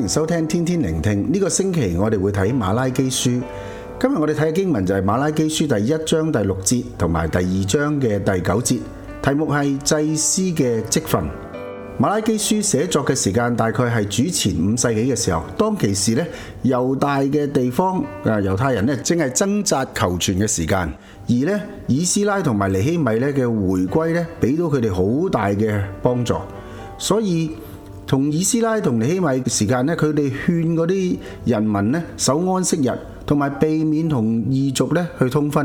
歡迎收聽天天靈聽，呢個星期我哋會睇馬拉基書，今日我哋睇嘅經文就係馬拉基書第一章第六節同埋第二章嘅第九節，題目係祭司嘅職分。馬拉基書寫作嘅時間大概係主前五世紀嘅時候，當其時呢，猶大嘅地方啊猶太人呢，正係掙扎求存嘅時間，而呢，以斯拉同埋尼希米呢嘅回歸呢，俾到佢哋好大嘅幫助，所以。同以斯拉同尼希米嘅時間咧，佢哋勸嗰啲人民咧守安息日，同埋避免同異族咧去通婚。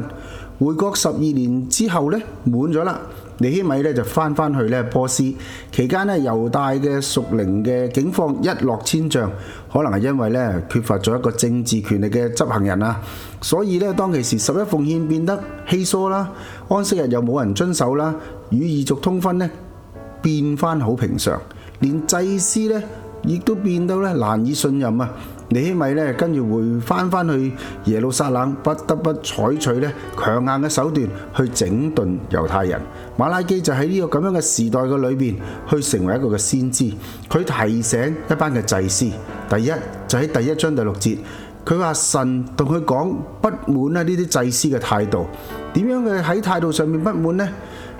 回國十二年之後咧滿咗啦，尼希米咧就翻翻去咧波斯期間咧，猶大嘅屬靈嘅境況一落千丈，可能係因為咧缺乏咗一個政治權力嘅執行人啊，所以咧當其時十一奉獻變得稀疏啦，安息日又冇人遵守啦，與異族通婚咧變翻好平常。連祭司咧，亦都變到咧難以信任啊！尼希米咧，跟住回翻翻去耶路撒冷，不得不採取咧強硬嘅手段去整頓猶太人。馬拉基就喺呢個咁樣嘅時代嘅裏邊，去成為一個嘅先知。佢提醒一班嘅祭司，第一就喺第一章第六節，佢話神同佢講不滿啊，呢啲祭司嘅態度，點樣嘅喺態度上面不滿呢？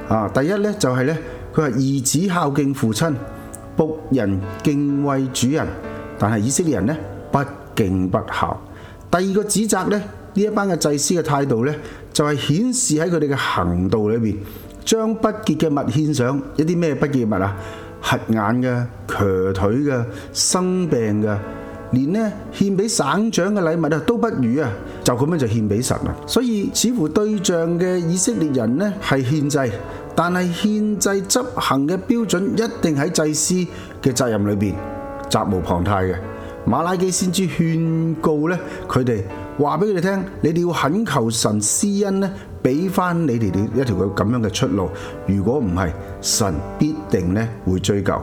啊，第一咧就係、是、咧，佢話兒子孝敬父親。僕人敬畏主人，但係以色列人呢不敬不孝。第二個指責呢，呢一班嘅祭司嘅態度呢，就係顯示喺佢哋嘅行道裏面，將不潔嘅物獻上，一啲咩不潔物啊？瞎眼嘅、瘸腿嘅、生病嘅，連呢獻俾省長嘅禮物啊都不如啊，就咁樣就獻俾神啊！所以似乎對象嘅以色列人呢係獻祭。但係獻祭執行嘅標準一定喺祭司嘅責任裏邊責無旁貸嘅。馬拉基先知勸告咧，佢哋話俾佢哋聽，你哋要懇求神施恩咧，俾翻你哋哋一條咁樣嘅出路。如果唔係，神必定咧會追究。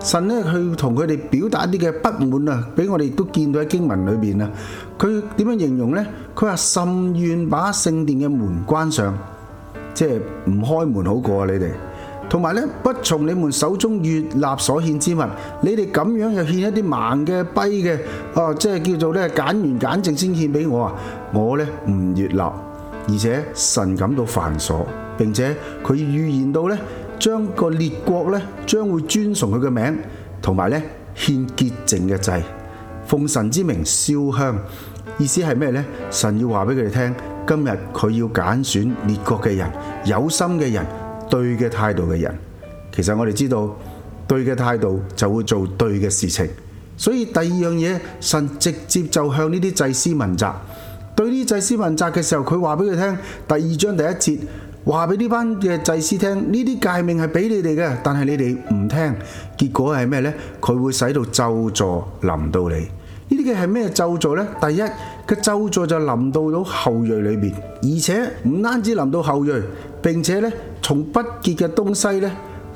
神咧，佢同佢哋表達一啲嘅不滿啊，俾我哋都見到喺經文裏邊啊。佢點樣形容咧？佢話甚願把聖殿嘅門關上。即係唔開門好過啊！你哋，同埋咧不從你們手中悅納所獻之物，你哋咁樣又獻一啲盲嘅、跛嘅，啊，即係叫做咧揀完揀淨先獻俾我啊！我咧唔悅納，而且神感到繁瑣，並且佢預言到咧，將個列國咧將會尊崇佢嘅名，同埋咧獻潔淨嘅祭，奉神之名燒香，意思係咩咧？神要話俾佢哋聽。今日佢要揀選列國嘅人，有心嘅人，對嘅態度嘅人。其實我哋知道，對嘅態度就會做對嘅事情。所以第二樣嘢，神直接就向呢啲祭司問責。對呢啲祭司問責嘅時候，佢話俾佢聽，第二章第一節話俾呢班嘅祭司聽，呢啲誡命係俾你哋嘅，但係你哋唔聽，結果係咩呢？佢會使到咒詛臨到你。呢啲嘅係咩咒詛呢？第一。個咒詛就臨到咗後裔裏邊，而且唔單止臨到後裔，並且咧從不潔嘅東西咧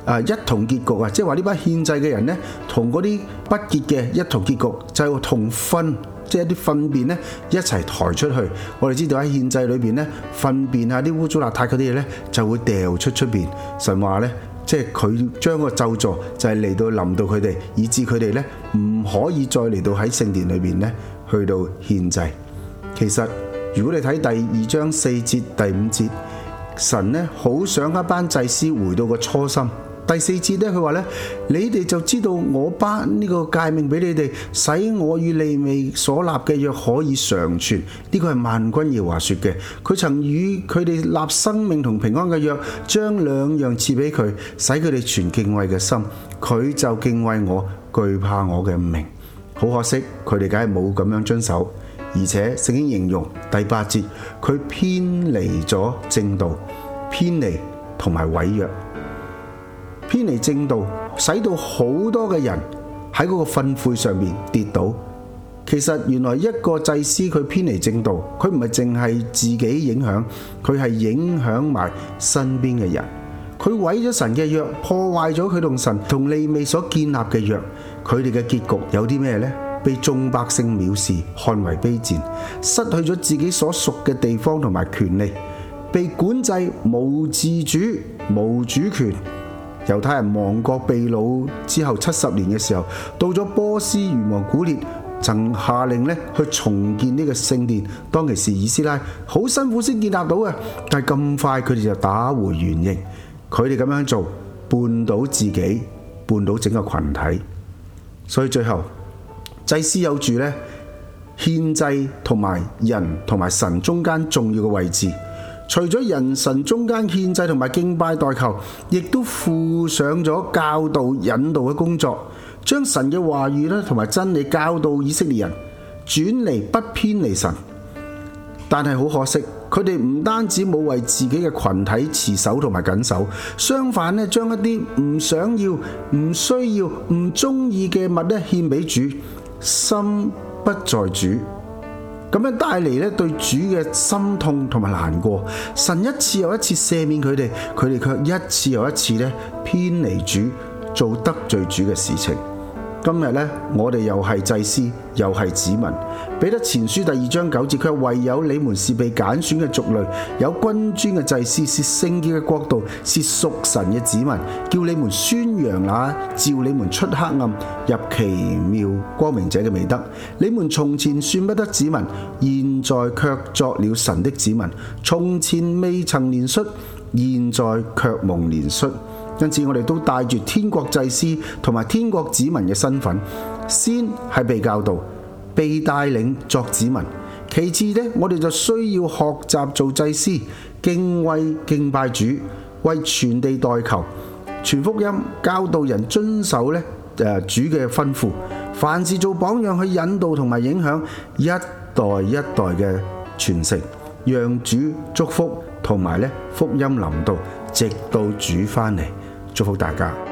啊一同結局啊，即係話呢班獻祭嘅人咧同嗰啲不潔嘅一同結局，就係同糞，即係一啲糞便咧一齊抬出去。我哋知道喺獻祭裏邊咧，糞便啊啲污糟邋遢嗰啲嘢咧就會掉出出邊。神話咧，即係佢將個咒詛就係嚟到臨到佢哋，以致佢哋咧唔可以再嚟到喺聖殿裏邊咧。去到獻祭，其實如果你睇第二章四節第五節，神咧好想一班祭司回到個初心。第四節咧，佢話咧：你哋就知道我班呢個誡命俾你哋，使我與利未所立嘅約可以常存。呢個係萬軍耶和華説嘅。佢曾與佢哋立生命同平安嘅約，將兩樣賜俾佢，使佢哋存敬畏嘅心。佢就敬畏我，懼怕我嘅名，好可惜，佢哋梗係冇咁樣遵守，而且聖經形容第八節，佢偏離咗正道，偏離同埋毀約，偏離正道，使到好多嘅人喺嗰個糞穢上面跌倒。其實原來一個祭司佢偏離正道，佢唔係淨係自己影響，佢係影響埋身邊嘅人，佢毀咗神嘅約，破壞咗佢同神同利未所建立嘅約。佢哋嘅結局有啲咩呢？被眾百姓藐視，看為卑賤，失去咗自己所屬嘅地方同埋權利，被管制，無自主，無主權。猶太人亡國被擄之後七十年嘅時候，到咗波斯元王古列曾下令咧去重建呢個聖殿。當其時，以斯拉好辛苦先建立到嘅，但係咁快佢哋就打回原形。佢哋咁樣做，絆倒自己，絆倒整個群體。所以最後祭司有住咧獻祭同埋人同埋神中間重要嘅位置，除咗人神中間獻祭同埋敬拜代求，亦都負上咗教導引導嘅工作，將神嘅話語咧同埋真理教導以色列人，轉離不偏離神。但係好可惜。佢哋唔單止冇為自己嘅群體持守同埋緊守，相反咧，將一啲唔想要、唔需要、唔中意嘅物咧獻俾主，心不在主，咁樣帶嚟咧對主嘅心痛同埋難過。神一次又一次赦免佢哋，佢哋卻一次又一次咧偏離主，做得罪主嘅事情。今日呢，我哋又係祭司，又係子民。彼得前書第二章九節，卻唯有你們是被揀選嘅族類，有君尊嘅祭司，是聖潔嘅國度，是屬神嘅子民。叫你們宣揚啊，召你們出黑暗入奇妙光明者嘅美德。你們從前算不得子民，現在卻作了神的子民。從前未曾憐恤，現在卻蒙憐恤。因此，我哋都帶住天國祭司同埋天國子民嘅身份，先係被教導、被帶領作子民。其次呢，我哋就需要學習做祭司，敬畏敬拜主，為全地代求，傳福音，教導人遵守呢誒主嘅吩咐，凡事做榜樣去引導同埋影響一代一代嘅傳承，讓主祝福同埋呢福音臨到，直到主翻嚟。祝福大家。